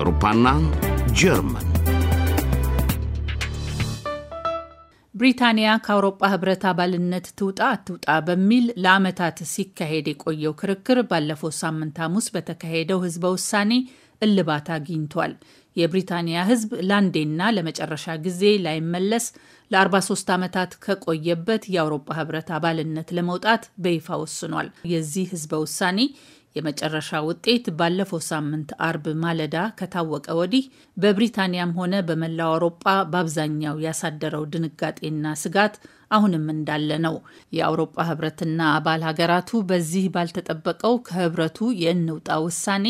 አውሮፓና ጀርመን ብሪታንያ ከአውሮጳ ህብረት አባልነት ትውጣ አትውጣ በሚል ለአመታት ሲካሄድ የቆየው ክርክር ባለፈው ሳምንት ሐሙስ በተካሄደው ህዝበ ውሳኔ እልባት አግኝቷል። የብሪታንያ ሕዝብ ለአንዴና ለመጨረሻ ጊዜ ላይመለስ ለ43 ዓመታት ከቆየበት የአውሮፓ ህብረት አባልነት ለመውጣት በይፋ ወስኗል። የዚህ ህዝበ ውሳኔ የመጨረሻ ውጤት ባለፈው ሳምንት አርብ ማለዳ ከታወቀ ወዲህ በብሪታንያም ሆነ በመላው አውሮፓ በአብዛኛው ያሳደረው ድንጋጤና ስጋት አሁንም እንዳለ ነው። የአውሮፓ ህብረትና አባል ሀገራቱ በዚህ ባልተጠበቀው ከህብረቱ የእንውጣ ውሳኔ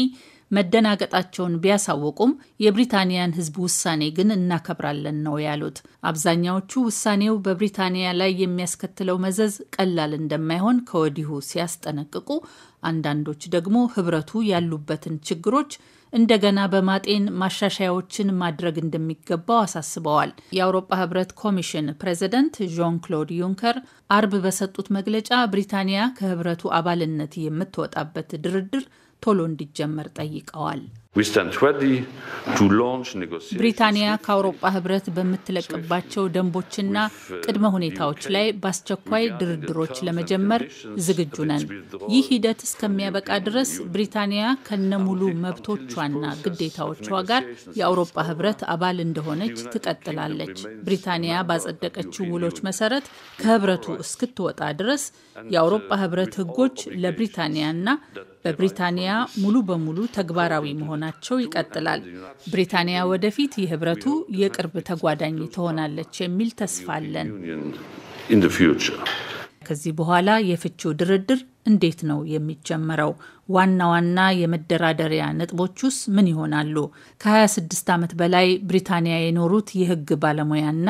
መደናገጣቸውን ቢያሳውቁም የብሪታንያን ሕዝብ ውሳኔ ግን እናከብራለን ነው ያሉት። አብዛኛዎቹ ውሳኔው በብሪታንያ ላይ የሚያስከትለው መዘዝ ቀላል እንደማይሆን ከወዲሁ ሲያስጠነቅቁ፣ አንዳንዶች ደግሞ ህብረቱ ያሉበትን ችግሮች እንደገና በማጤን ማሻሻያዎችን ማድረግ እንደሚገባው አሳስበዋል። የአውሮፓ ህብረት ኮሚሽን ፕሬዚደንት ዣን ክሎድ ዩንከር አርብ በሰጡት መግለጫ ብሪታንያ ከህብረቱ አባልነት የምትወጣበት ድርድር ቶሎ እንዲጀመር ጠይቀዋል። ብሪታንያ ከአውሮጳ ህብረት በምትለቅባቸው ደንቦችና ቅድመ ሁኔታዎች ላይ በአስቸኳይ ድርድሮች ለመጀመር ዝግጁ ነን። ይህ ሂደት እስከሚያበቃ ድረስ ብሪታንያ ከነሙሉ መብቶቿና ግዴታዎቿ ጋር የአውሮጳ ህብረት አባል እንደሆነች ትቀጥላለች። ብሪታንያ ባጸደቀችው ውሎች መሰረት ከህብረቱ እስክትወጣ ድረስ የአውሮጳ ህብረት ህጎች ለብሪታንያና በብሪታንያ ሙሉ በሙሉ ተግባራዊ መሆናል መሆናቸው ይቀጥላል። ብሪታንያ ወደፊት የህብረቱ የቅርብ ተጓዳኝ ትሆናለች የሚል ተስፋ አለን። ከዚህ በኋላ የፍቺው ድርድር እንዴት ነው የሚጀመረው? ዋና ዋና የመደራደሪያ ነጥቦቹስ ምን ይሆናሉ? ከ26 ዓመት በላይ ብሪታንያ የኖሩት የህግ ባለሙያና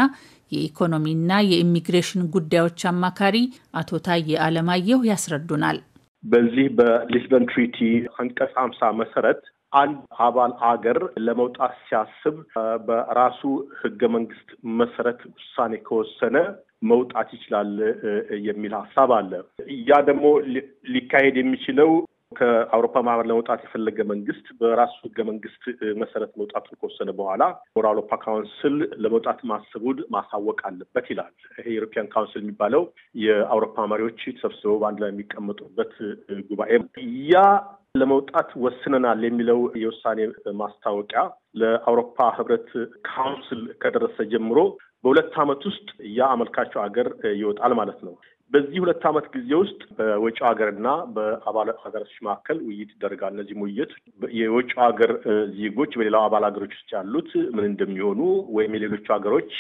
የኢኮኖሚና የኢሚግሬሽን ጉዳዮች አማካሪ አቶ ታዬ አለማየሁ ያስረዱናል። በዚህ በሊስበን ትሪቲ አንቀጽ ሀምሳ መሰረት አንድ አባል አገር ለመውጣት ሲያስብ በራሱ ህገ መንግስት መሰረት ውሳኔ ከወሰነ መውጣት ይችላል የሚል ሀሳብ አለ። ያ ደግሞ ሊካሄድ የሚችለው ከአውሮፓ ማህበር ለመውጣት የፈለገ መንግስት በራሱ ህገ መንግስት መሰረት መውጣቱን ከወሰነ በኋላ ወደ አውሮፓ ካውንስል ለመውጣት ማሰቡን ማሳወቅ አለበት ይላል። ይሄ ዩሮፒያን ካውንስል የሚባለው የአውሮፓ መሪዎች ተሰብስበው በአንድ ላይ የሚቀመጡበት ጉባኤ ያ ለመውጣት ወስነናል የሚለው የውሳኔ ማስታወቂያ ለአውሮፓ ህብረት ካውንስል ከደረሰ ጀምሮ በሁለት ዓመት ውስጥ ያ አመልካቸው ሀገር ይወጣል ማለት ነው። በዚህ ሁለት ዓመት ጊዜ ውስጥ በውጭ ሀገርና በአባል ሀገሮች መካከል ውይይት ይደረጋል። እነዚህም ውይይት የውጭ ሀገር ዜጎች በሌላው አባል ሀገሮች ውስጥ ያሉት ምን እንደሚሆኑ ወይም የሌሎቹ ሀገሮች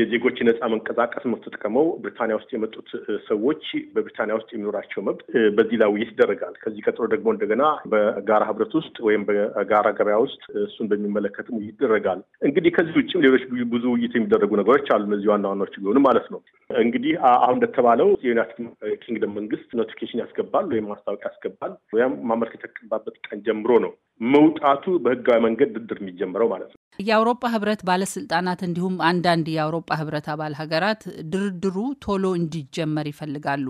የዜጎች ነፃ መንቀሳቀስ መብት ተጠቅመው ብሪታንያ ውስጥ የመጡት ሰዎች በብሪታንያ ውስጥ የሚኖራቸው መብት በዚህ ላይ ውይይት ይደረጋል። ከዚህ ቀጥሎ ደግሞ እንደገና በጋራ ህብረት ውስጥ ወይም በጋራ ገበያ ውስጥ እሱን በሚመለከትም ውይይት ይደረጋል። እንግዲህ ከዚህ ውጭም ሌሎች ብዙ ውይይት የሚደረጉ ነገሮች አሉ። እነዚህ ዋና ዋናዎች ቢሆኑ ማለት ነው እንግዲህ አሁን እንደተባለ የተባለው የዩናይትድ ኪንግደም መንግስት ኖቲፊኬሽን ያስገባል ወይም ማስታወቂያ ያስገባል ወይም ማመልከት ያስገባበት ቀን ጀምሮ ነው መውጣቱ በህጋዊ መንገድ ድርድር የሚጀምረው ማለት ነው። የአውሮፓ ህብረት ባለስልጣናት እንዲሁም አንዳንድ የአውሮፓ ህብረት አባል ሀገራት ድርድሩ ቶሎ እንዲጀመር ይፈልጋሉ።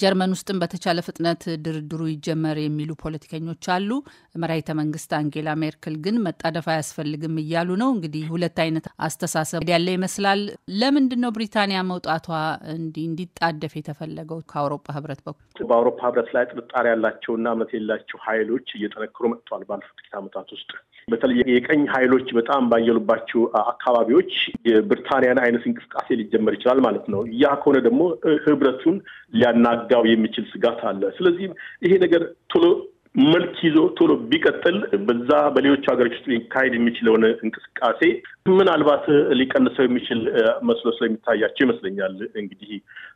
ጀርመን ውስጥም በተቻለ ፍጥነት ድርድሩ ይጀመር የሚሉ ፖለቲከኞች አሉ። መራሂተ መንግስት አንጌላ ሜርክል ግን መጣደፍ አያስፈልግም እያሉ ነው። እንግዲህ ሁለት አይነት አስተሳሰብ ያለ ይመስላል። ለምንድን ነው ብሪታንያ መውጣቷ እንዲጣደፍ የተፈለገው ከአውሮፓ ህብረት በኩል? በአውሮፓ ህብረት ላይ ጥርጣሬ ያላቸውና እምነት የሌላቸው ሀይሎች እየጠነክሩ መጥተዋል ባለፉት ጥቂት አመታት ውስጥ በተለይ የቀኝ ሀይሎች በጣም ባየሉባቸው አካባቢዎች የብሪታንያን አይነት እንቅስቃሴ ሊጀመር ይችላል ማለት ነው። ያ ከሆነ ደግሞ ህብረቱን ሊያናጋው የሚችል ስጋት አለ። ስለዚህ ይሄ ነገር ቶሎ መልክ ይዞ ቶሎ ቢቀጥል በዛ በሌሎች ሀገሮች ውስጥ ሊካሄድ የሚችለውን እንቅስቃሴ ምናልባት ሊቀንሰው የሚችል መስሎ ስለሚታያቸው ይመስለኛል እንግዲህ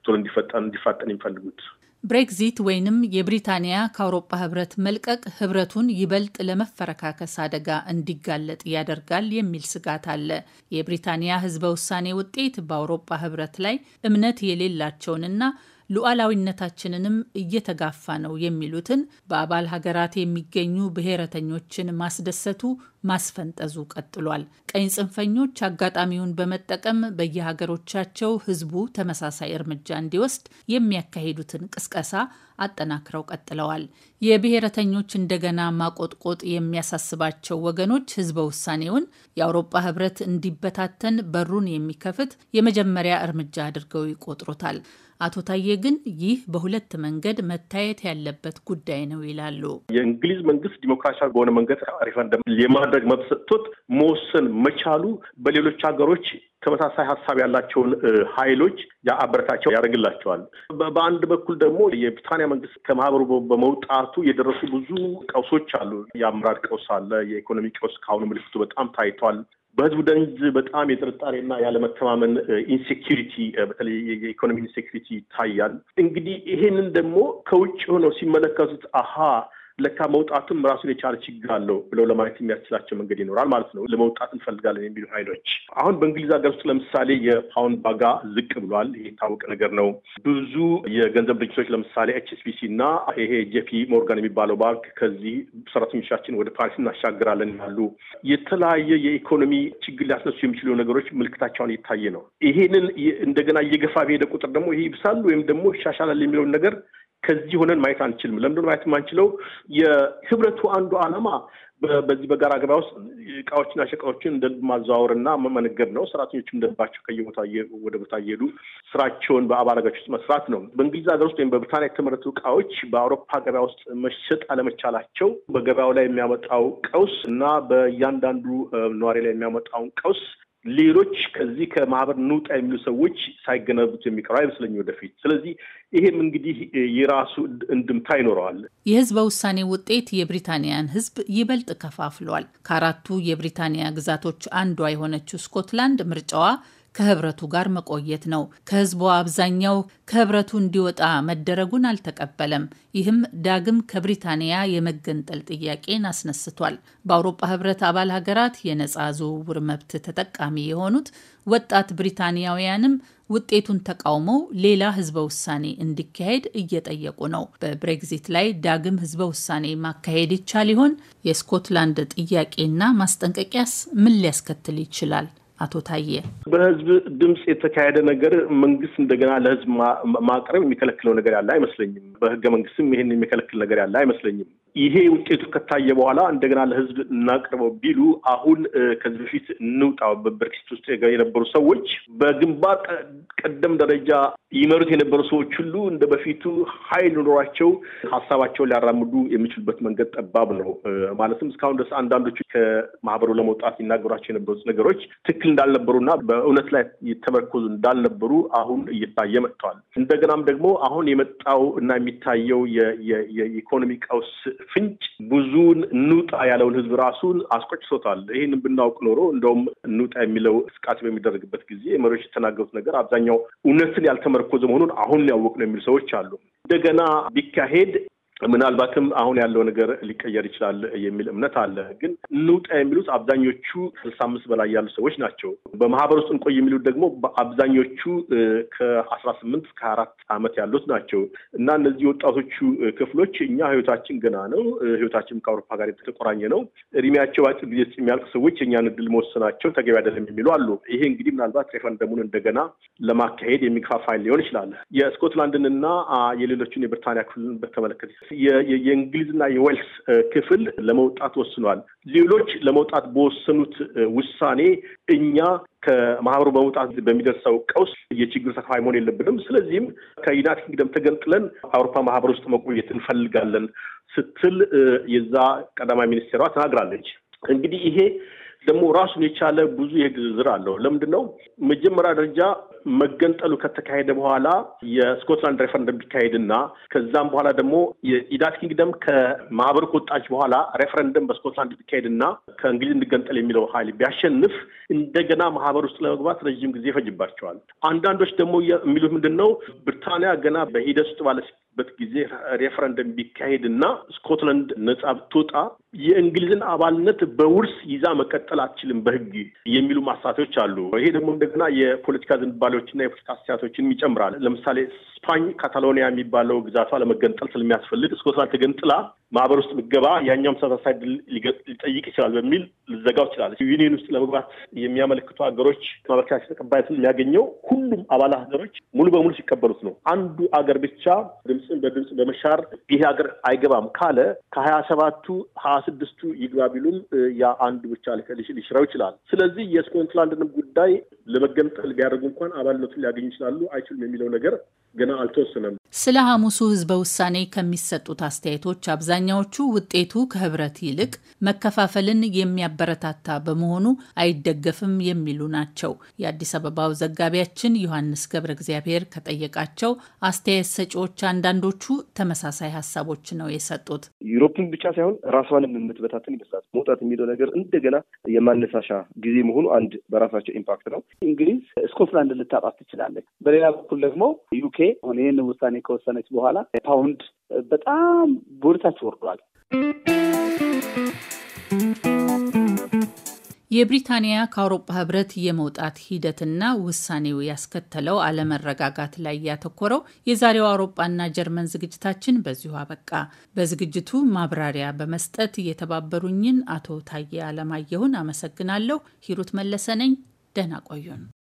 ቶሎ እንዲፈጠን እንዲፋጠን የሚፈልጉት። ብሬግዚት ወይንም የብሪታንያ ከአውሮፓ ህብረት መልቀቅ ህብረቱን ይበልጥ ለመፈረካከስ አደጋ እንዲጋለጥ ያደርጋል የሚል ስጋት አለ። የብሪታንያ ህዝበ ውሳኔ ውጤት በአውሮፓ ህብረት ላይ እምነት የሌላቸውንና ሉዓላዊነታችንንም እየተጋፋ ነው የሚሉትን በአባል ሀገራት የሚገኙ ብሔረተኞችን ማስደሰቱ ማስፈንጠዙ ቀጥሏል። ቀኝ ጽንፈኞች አጋጣሚውን በመጠቀም በየሀገሮቻቸው ህዝቡ ተመሳሳይ እርምጃ እንዲወስድ የሚያካሂዱትን ቅስቀሳ አጠናክረው ቀጥለዋል። የብሔረተኞች እንደገና ማቆጥቆጥ የሚያሳስባቸው ወገኖች ህዝበ ውሳኔውን የአውሮፓ ህብረት እንዲበታተን በሩን የሚከፍት የመጀመሪያ እርምጃ አድርገው ይቆጥሩታል። አቶ ታዬ ግን ይህ በሁለት መንገድ መታየት ያለበት ጉዳይ ነው ይላሉ። የእንግሊዝ መንግስት ዲሞክራሲያዊ በሆነ መንገድ ሪፈረንደም የማድ የማድረግ መብት ሰጥቶት መወሰን መቻሉ በሌሎች ሀገሮች ተመሳሳይ ሀሳብ ያላቸውን ኃይሎች አበረታቸው ያደርግላቸዋል። በአንድ በኩል ደግሞ የብሪታንያ መንግስት ከማህበሩ በመውጣቱ የደረሱ ብዙ ቀውሶች አሉ። የአመራር ቀውስ አለ፣ የኢኮኖሚ ቀውስ ከአሁኑ ምልክቱ በጣም ታይቷል። በህዝቡ ደንዝ በጣም የጥርጣሬና ያለመተማመን ኢንሴኪሪቲ፣ በተለይ የኢኮኖሚ ኢንሴኪሪቲ ይታያል። እንግዲህ ይሄንን ደግሞ ከውጭ ሆነው ሲመለከቱት አሃ ለካ መውጣቱም ራሱን የቻለ ችግር አለው ብለው ለማየት የሚያስችላቸው መንገድ ይኖራል ማለት ነው። ለመውጣት እንፈልጋለን የሚሉ ኃይሎች አሁን በእንግሊዝ ሀገር ውስጥ ለምሳሌ የፓውንድ ዋጋ ዝቅ ብሏል። ይህ የታወቀ ነገር ነው። ብዙ የገንዘብ ድርጅቶች ለምሳሌ ኤችኤስቢሲ እና ይሄ ጄፒ ሞርጋን የሚባለው ባንክ ከዚህ ሰራተኞቻችን ወደ ፓሪስ እናሻግራለን ይላሉ። የተለያየ የኢኮኖሚ ችግር ሊያስነሱ የሚችሉ ነገሮች ምልክታቸውን እየታየ ነው። ይሄንን እንደገና እየገፋ በሄደ ቁጥር ደግሞ ይሄ ይብሳል ወይም ደግሞ ይሻሻላል የሚለውን ነገር ከዚህ ሆነን ማየት አንችልም። ለምንድን ማየት የማንችለው የህብረቱ አንዱ ዓላማ በዚህ በጋራ ገበያ ውስጥ እቃዎችና ሸቃዎችን እንደ ልብ ማዘዋወርና መነገድ ነው። ሰራተኞችም እንደልባቸው ከየቦታ ወደ ቦታ እየሄዱ ስራቸውን በአባል ውስጥ መስራት ነው። በእንግሊዝ ሀገር ውስጥ ወይም በብሪታንያ የተመረቱ እቃዎች በአውሮፓ ገበያ ውስጥ መሸጥ አለመቻላቸው በገበያው ላይ የሚያመጣው ቀውስ እና በእያንዳንዱ ነዋሪ ላይ የሚያመጣውን ቀውስ ሌሎች ከዚህ ከማህበር እንውጣ የሚሉ ሰዎች ሳይገነቡት የሚቀሩ አይመስለኝ ወደፊት። ስለዚህ ይሄም እንግዲህ የራሱ እንድምታ ይኖረዋል። የህዝበ ውሳኔ ውጤት የብሪታንያን ህዝብ ይበልጥ ከፋፍሏል። ከአራቱ የብሪታንያ ግዛቶች አንዷ የሆነችው ስኮትላንድ ምርጫዋ ከህብረቱ ጋር መቆየት ነው። ከህዝቡ አብዛኛው ከህብረቱ እንዲወጣ መደረጉን አልተቀበለም። ይህም ዳግም ከብሪታንያ የመገንጠል ጥያቄን አስነስቷል። በአውሮፓ ህብረት አባል ሀገራት የነፃ ዝውውር መብት ተጠቃሚ የሆኑት ወጣት ብሪታንያውያንም ውጤቱን ተቃውመው ሌላ ህዝበ ውሳኔ እንዲካሄድ እየጠየቁ ነው። በብሬግዚት ላይ ዳግም ህዝበ ውሳኔ ማካሄድ ይቻል ይሆን? የስኮትላንድ ጥያቄና ማስጠንቀቂያስ ምን ሊያስከትል ይችላል? አቶ ታዬ በህዝብ ድምፅ የተካሄደ ነገር መንግስት እንደገና ለህዝብ ማቅረብ የሚከለክለው ነገር ያለ አይመስለኝም። በህገ መንግስትም ይህን የሚከለክል ነገር ያለ አይመስለኝም። ይሄ ውጤቱ ከታየ በኋላ እንደገና ለህዝብ እናቅርበው ቢሉ አሁን ከዚህ በፊት እንውጣ በብሬክሲት ውስጥ የነበሩ ሰዎች በግንባር ቀደም ደረጃ ይመሩት የነበሩ ሰዎች ሁሉ እንደ በፊቱ ኃይል ኑሯቸው ሀሳባቸውን ሊያራምዱ የሚችሉበት መንገድ ጠባብ ነው። ማለትም እስካሁን ድረስ አንዳንዶቹ ከማህበሩ ለመውጣት ይናገሯቸው የነበሩት ነገሮች ትክክል እንዳልነበሩና በእውነት ላይ የተመረኮዙ እንዳልነበሩ አሁን እየታየ መጥተዋል። እንደገናም ደግሞ አሁን የመጣው እና የሚታየው የኢኮኖሚ ቀውስ ፍንጭ ብዙን እንውጣ ያለውን ህዝብ ራሱን አስቆጭቶታል። ይህን ብናውቅ ኖሮ እንደውም እንውጣ የሚለው እንቅስቃሴ በሚደረግበት ጊዜ መሪዎች የተናገሩት ነገር አብዛኛው እውነትን ያልተመረኮዘ መሆኑን አሁን ያወቅ ነው የሚሉ ሰዎች አሉ። እንደገና ቢካሄድ ምናልባትም አሁን ያለው ነገር ሊቀየር ይችላል የሚል እምነት አለ። ግን እንውጣ የሚሉት አብዛኞቹ ስልሳ አምስት በላይ ያሉ ሰዎች ናቸው። በማህበር ውስጥ እንቆይ የሚሉት ደግሞ በአብዛኞቹ ከአስራ ስምንት እስከ አራት ዓመት ያሉት ናቸው እና እነዚህ ወጣቶቹ ክፍሎች እኛ ህይወታችን ገና ነው፣ ህይወታችን ከአውሮፓ ጋር የተቆራኘ ነው፣ እድሜያቸው አጭር ጊዜ ውስጥ የሚያልቅ ሰዎች የእኛን እድል መወሰናቸው ተገቢ አይደለም የሚሉ አሉ። ይሄ እንግዲህ ምናልባት ሬፈረንደሙን እንደገና ለማካሄድ የሚገፋፋ ሊሆን ይችላል። የስኮትላንድንና የሌሎችን የብሪታንያ ክፍልን በተመለከተ የእንግሊዝና የዌልስ ክፍል ለመውጣት ወስኗል። ሌሎች ለመውጣት በወሰኑት ውሳኔ እኛ ከማህበሩ በመውጣት በሚደርሰው ቀውስ የችግር ተካፋይ መሆን የለብንም። ስለዚህም ከዩናይትድ ኪንግደም ተገንጥለን አውሮፓ ማህበር ውስጥ መቆየት እንፈልጋለን ስትል የዛ ቀዳማዊ ሚኒስቴሯ ተናግራለች። እንግዲህ ይሄ ደግሞ ራሱን የቻለ ብዙ የግዝዝር አለው። ለምንድን ነው መጀመሪያ ደረጃ መገንጠሉ ከተካሄደ በኋላ የስኮትላንድ ሬፈረንደም ቢካሄድና ከዛም በኋላ ደግሞ የኢዳት ኪንግደም ከማህበር ከወጣች በኋላ ሬፈረንደም በስኮትላንድ ቢካሄድና ከእንግሊዝ እንገንጠል የሚለው ኃይል ቢያሸንፍ እንደገና ማህበር ውስጥ ለመግባት ረዥም ጊዜ ይፈጅባቸዋል። አንዳንዶች ደግሞ የሚሉት ምንድን ነው ብሪታንያ ገና በሂደት ውስጥ በት ጊዜ ሬፈረንደም ቢካሄድና ስኮትላንድ ነጻ ብትወጣ የእንግሊዝን አባልነት በውርስ ይዛ መቀጠል መቀጠል አትችልም በህግ የሚሉ ማሳቶች አሉ። ይሄ ደግሞ እንደገና የፖለቲካ ዝንባሌዎችና የፖለቲካ አስተያየቶችን ይጨምራል። ለምሳሌ ስፓኝ ካታሎኒያ የሚባለው ግዛቷ ለመገንጠል ስለሚያስፈልግ ስኮትላንድ ተገንጥላ ማህበር ውስጥ ምገባ ያኛውም ተመሳሳይ ሊጠይቅ ይችላል በሚል ልዘጋው ይችላል። ዩኒየን ውስጥ ለመግባት የሚያመለክቱ ሀገሮች ማበረቻች ተቀባይነትን የሚያገኘው ሁሉም አባል ሀገሮች ሙሉ በሙሉ ሲቀበሉት ነው። አንዱ አገር ብቻ ድምፅን በድምፅ በመሻር ይሄ ሀገር አይገባም ካለ ከሀያ ሰባቱ ሀያ ስድስቱ ይግባ ቢሉም ያ አንዱ ብቻ ሊሽራው ይችላል። ስለዚህ የስኮትላንድንም ጉዳይ ለመገንጠል ቢያደርጉ እንኳን አባልነቱን ሊያገኙ ይችላሉ አይችሉም የሚለው ነገር ገና አልተወሰነም። ስለ ሐሙሱ ህዝበ ውሳኔ ከሚሰጡት አስተያየቶች አብዛኛዎቹ ውጤቱ ከህብረት ይልቅ መከፋፈልን የሚያበረታታ በመሆኑ አይደገፍም የሚሉ ናቸው። የአዲስ አበባው ዘጋቢያችን ዮሐንስ ገብረ እግዚአብሔር ከጠየቃቸው አስተያየት ሰጪዎች አንዳንዶቹ ተመሳሳይ ሀሳቦች ነው የሰጡት። ዩሮፕን ብቻ ሳይሆን ራሷንም የምትበታትን ይመስላል። መውጣት የሚለው ነገር እንደገና የማነሳሻ ጊዜ መሆኑ አንድ በራሳቸው ኢምፓክት ነው። እንግሊዝ ስኮትላንድ ልታጣት ትችላለች። በሌላ በኩል ደግሞ ዩኬ አሁን ይህን ውሳኔ ከወሰነች በኋላ ፓውንድ በጣም ወደታች ወርዷል። የብሪታንያ ከአውሮፓ ህብረት የመውጣት ሂደትና ውሳኔው ያስከተለው አለመረጋጋት ላይ ያተኮረው የዛሬው አውሮፓና ጀርመን ዝግጅታችን በዚሁ አበቃ። በዝግጅቱ ማብራሪያ በመስጠት የተባበሩኝን አቶ ታዬ አለማየሁን አመሰግናለሁ። ሂሩት መለሰ ነኝ። ደህና ቆዩን።